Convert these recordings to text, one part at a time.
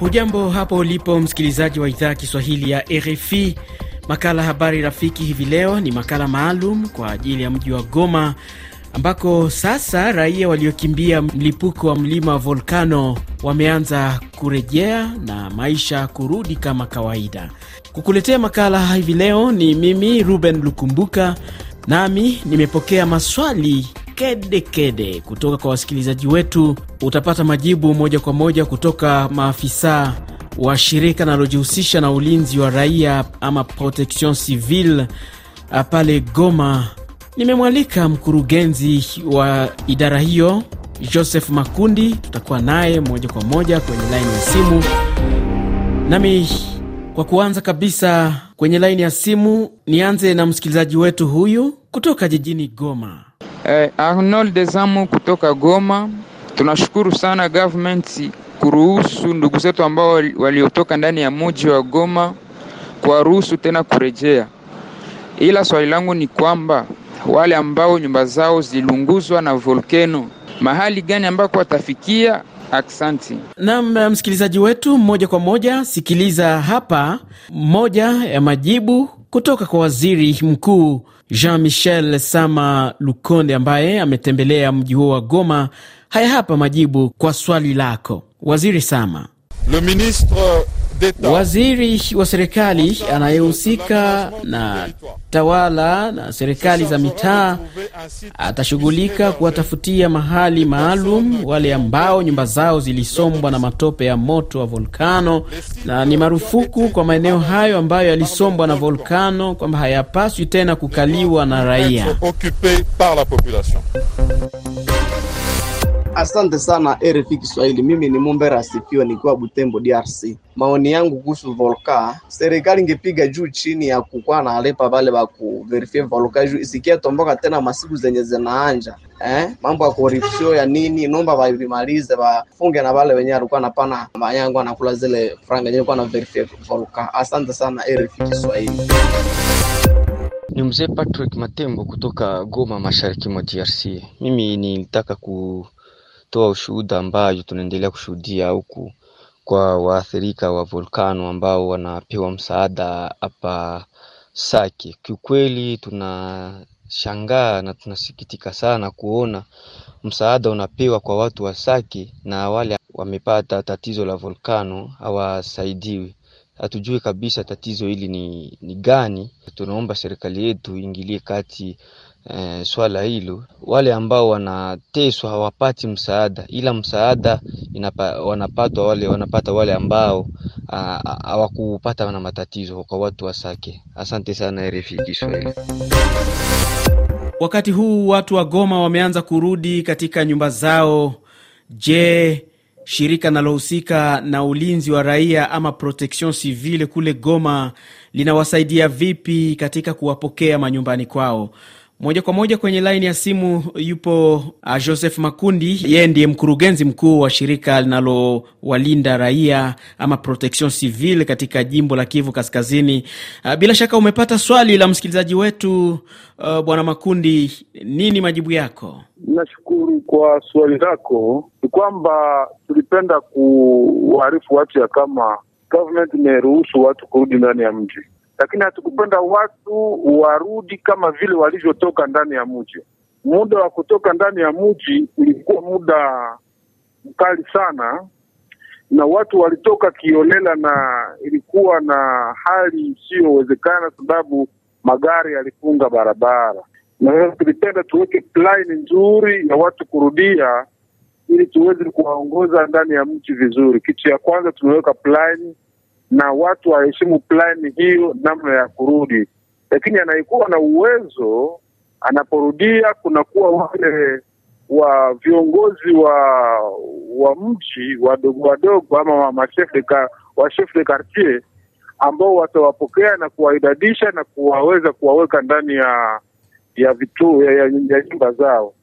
Hujambo hapo ulipo msikilizaji wa idhaa ya Kiswahili ya RFI. Makala Habari Rafiki hivi leo ni makala maalum kwa ajili ya mji wa Goma ambako sasa raia waliokimbia mlipuko wa mlima wa volkano wameanza kurejea na maisha kurudi kama kawaida. Kukuletea makala hivi leo ni mimi Ruben Lukumbuka, nami nimepokea maswali kedekede kede kutoka kwa wasikilizaji wetu. Utapata majibu moja kwa moja kutoka maafisa wa shirika linalojihusisha na ulinzi wa raia ama protection civile ah, pale Goma. Nimemwalika mkurugenzi wa idara hiyo Joseph Makundi, tutakuwa naye moja kwa moja kwenye laini ya simu. Nami kwa kuanza kabisa kwenye laini ya simu nianze na msikilizaji wetu huyu kutoka jijini Goma. Eh, Arnold Desamu kutoka Goma. Tunashukuru sana government kuruhusu ndugu zetu ambao waliotoka ndani ya mji wa Goma kuwaruhusu tena kurejea, ila swali langu ni kwamba wale ambao nyumba zao zilunguzwa na volkeno mahali gani ambako watafikia? Aksanti. nam msikilizaji wetu, moja kwa moja sikiliza hapa moja ya majibu kutoka kwa waziri mkuu Jean Michel Sama Lukonde ambaye ametembelea mji huo wa Goma. Haya hapa majibu kwa swali lako, Waziri Sama. Le ministre Waziri wa serikali anayehusika na tawala na serikali za mitaa atashughulika kuwatafutia mahali maalum wale ambao nyumba zao zilisombwa na matope ya moto wa volkano, na ni marufuku kwa maeneo hayo ambayo yalisombwa na volkano kwamba hayapaswi tena kukaliwa na raia. Asante sana RFI Kiswahili. Mimi ni Mumbera Sipio nikiwa Butembo DRC. Maoni yangu kuhusu Volka, serikali ingepiga juu chini ya kukua na alepa vale ba ku verify Volka juu isikia tomboka tena masiku zenye zinaanja. Eh, mambo ya corruption ya nini, nomba baivimalize bafunge na wale wenyewe alikuwa anapana mayangu anakula zile franga yenye kwa na verify Volka. Asante sana RFI Kiswahili. Ni mzee Patrick Matembo kutoka Goma, mashariki mwa DRC. Mimi nilitaka ku kutoa ushuhuda ambayo tunaendelea kushuhudia huku kwa waathirika wa volkano ambao wanapewa msaada hapa Sake. Kiukweli tunashangaa na tunasikitika sana kuona msaada unapewa kwa watu wa Sake na wale wamepata tatizo la volkano hawasaidiwi hatujui kabisa tatizo hili ni, ni gani. Tunaomba serikali yetu iingilie kati eh, swala hilo. Wale ambao wanateswa hawapati msaada, ila msaada inapa, wanapata wale, wanapata wale ambao ah, hawakupata na matatizo kwa watu wa Sake. Asante sana RFI Kiswahili. Wakati huu watu wa Goma wameanza kurudi katika nyumba zao. Je, Shirika linalohusika na ulinzi wa raia ama protection civile kule Goma linawasaidia vipi katika kuwapokea manyumbani kwao? Moja kwa moja kwenye laini ya simu yupo uh, Joseph Makundi, yeye ndiye mkurugenzi mkuu wa shirika linalowalinda raia ama Protection Civile katika jimbo la Kivu Kaskazini. Uh, bila shaka umepata swali la msikilizaji wetu uh, bwana Makundi, nini majibu yako? Nashukuru kwa swali lako. Ni kwamba tulipenda kuwaarifu watu ya kama government imeruhusu watu kurudi ndani ya mji lakini hatukupenda watu warudi kama vile walivyotoka ndani ya mji. Muda wa kutoka ndani ya mji ulikuwa muda mkali sana, na watu walitoka kiolela, na ilikuwa na hali isiyowezekana sababu magari yalifunga barabara. Na sasa tulipenda tuweke plani nzuri ya watu kurudia, ili tuweze kuwaongoza ndani ya mji vizuri. Kitu ya kwanza tumeweka plani na watu waheshimu plani hiyo, namna ya kurudi. Lakini anayekuwa na uwezo anaporudia, kunakuwa wale wa viongozi wa wa mji wadogo wadogo ama wa mashef de quartier ambao watawapokea na kuwaidadisha na kuwaweza kuwaweka ndani ya ya vitu ya nyumba zao.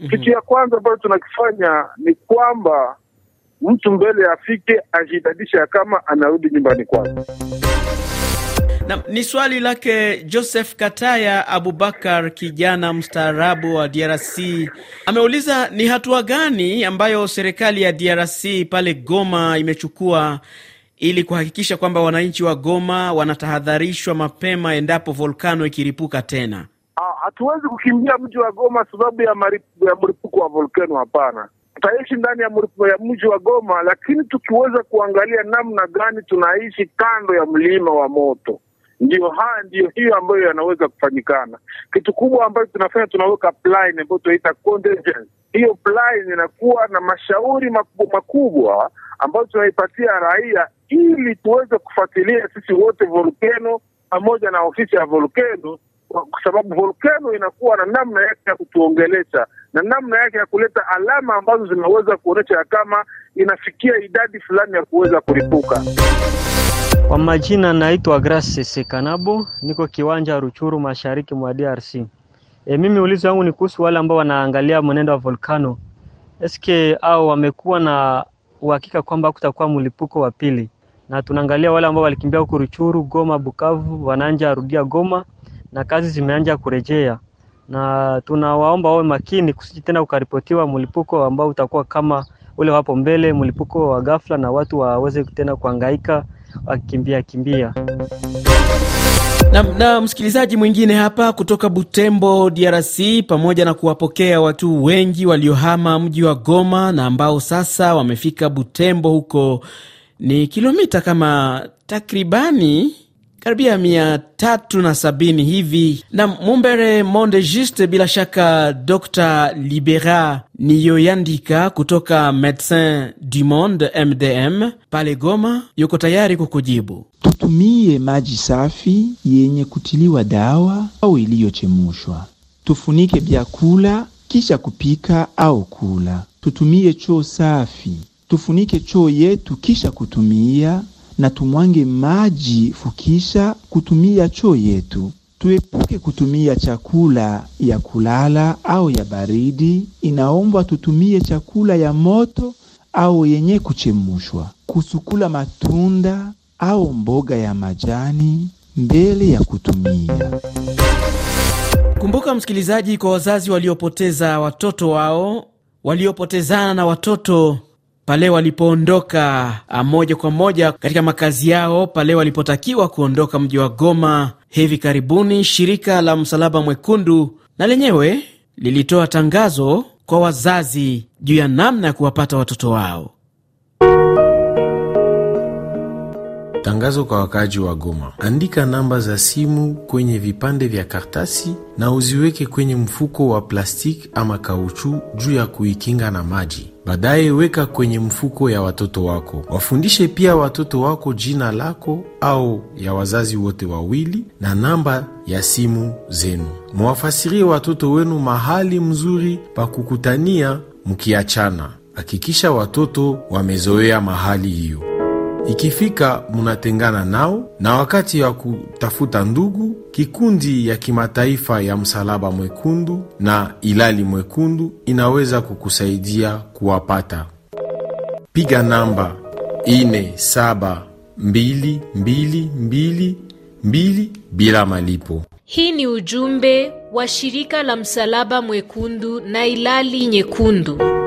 Mm -hmm. Kitu ya kwanza ambayo tunakifanya ni kwamba mtu mbele afike ajidadisha kama anarudi nyumbani kwake. Na, ni swali lake Joseph Kataya Abubakar, kijana mstaarabu wa DRC, ameuliza ni hatua gani ambayo serikali ya DRC pale Goma imechukua ili kuhakikisha kwamba wananchi wa Goma wanatahadharishwa mapema endapo volkano ikiripuka tena. Ah, hatuwezi kukimbia mji wa Goma sababu ya mlipuko wa volkano, hapana tutaishi ndani ya mji wa Goma, lakini tukiweza kuangalia namna gani tunaishi kando ya mlima wa moto ndio haya ndiyo hiyo ambayo yanaweza kufanyikana. Kitu kubwa ambayo tunafanya tunaweka plan ambayo tunaita Hiyo plan inakuwa na mashauri makubwa makubwa ambayo tunaipatia raia, ili tuweze kufuatilia sisi wote volcano pamoja na ofisi ya volcano kwa sababu volkano inakuwa na namna yake ya kutuongelesha na namna yake ya kuleta alama ambazo zinaweza kuonyesha ya kama inafikia idadi fulani ya kuweza kulipuka. Kwa majina naitwa Grace Sekanabo, niko kiwanja Ruchuru, mashariki mwa DRC. E, mimi ulizo wangu ni kuhusu wale ambao wanaangalia mwenendo wa volkano eske au wamekuwa na uhakika kwamba kutakuwa mlipuko wa pili, na tunaangalia wale ambao walikimbia huko Ruchuru, Goma, Bukavu, wanaanja rudia Goma na kazi zimeanza kurejea, na tunawaomba wawe makini kusije tena ukaripotiwa mlipuko ambao utakuwa kama ule wapo mbele, mlipuko wa ghafla, na watu waweze tena kuhangaika wakikimbia kimbia. Na, na msikilizaji mwingine hapa kutoka Butembo DRC, pamoja na kuwapokea watu wengi waliohama mji wa Goma na ambao sasa wamefika Butembo, huko ni kilomita kama takribani karibia mia tatu na sabini hivi. Na Mumbere Monde Juste, bila shaka Dr Libera Niyoyandika kutoka Medecin du Monde MDM pale Goma yuko tayari kukujibu. Tutumie maji safi yenye kutiliwa dawa au iliyochemushwa, tufunike vyakula kisha kupika au kula, tutumie choo safi, tufunike choo yetu kisha kutumia na tumwange maji fukisha kutumia choo yetu. Tuepuke kutumia chakula ya kulala au ya baridi. Inaombwa tutumie chakula ya moto au yenye kuchemushwa. Kusukula matunda au mboga ya majani mbele ya kutumia. Kumbuka msikilizaji, kwa wazazi waliopoteza watoto wao, waliopotezana na watoto pale walipoondoka ah, moja kwa moja katika makazi yao pale walipotakiwa kuondoka mji wa Goma. Hivi karibuni shirika la Msalaba Mwekundu na lenyewe lilitoa tangazo kwa wazazi juu ya namna ya kuwapata watoto wao. Tangazo kwa wakaaji wa Goma: andika namba za simu kwenye vipande vya kartasi na uziweke kwenye mfuko wa plastiki ama kauchu juu ya kuikinga na maji. Baadaye weka kwenye mfuko ya watoto wako. Wafundishe pia watoto wako jina lako au ya wazazi wote wawili na namba ya simu zenu. Mwafasirie watoto wenu mahali mzuri pa kukutania mkiachana. Hakikisha watoto wamezoea mahali hiyo. Ikifika munatengana nao, na wakati wa kutafuta ndugu, kikundi ya kimataifa ya Msalaba Mwekundu na Ilali Mwekundu inaweza kukusaidia kuwapata. Piga namba 7222 bila malipo. Hii ni ujumbe wa shirika la Msalaba Mwekundu na Ilali Nyekundu.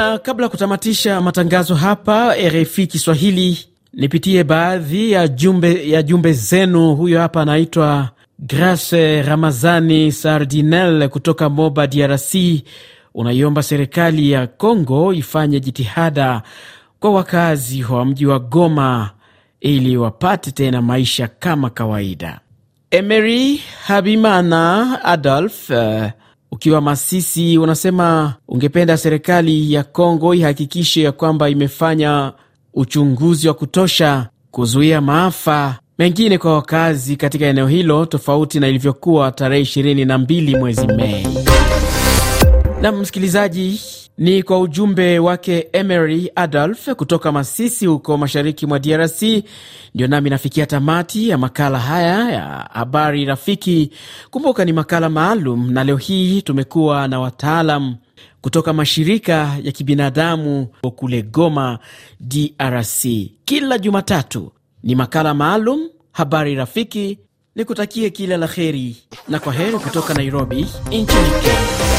Na kabla ya kutamatisha matangazo hapa RFI Kiswahili, nipitie baadhi ya jumbe, ya jumbe zenu. Huyo hapa anaitwa Grace Ramazani Sardinel kutoka Moba, DRC. Unaiomba serikali ya congo ifanye jitihada kwa wakazi wa mji wa Goma ili wapate tena maisha kama kawaida. Emery Habimana Adolf uh, ukiwa Masisi, unasema ungependa serikali ya Kongo ihakikishe ya kwamba imefanya uchunguzi wa kutosha kuzuia maafa mengine kwa wakazi katika eneo hilo tofauti na ilivyokuwa tarehe 22 mwezi Mei. Na msikilizaji ni kwa ujumbe wake Emery Adolf kutoka Masisi huko mashariki mwa DRC. Ndio nami nafikia tamati ya makala haya ya habari rafiki. Kumbuka ni makala maalum, na leo hii tumekuwa na wataalam kutoka mashirika ya kibinadamu kule Goma, DRC. Kila Jumatatu ni makala maalum habari rafiki. Nikutakie kila la heri na kwa heri kutoka Nairobi nchini Kenya.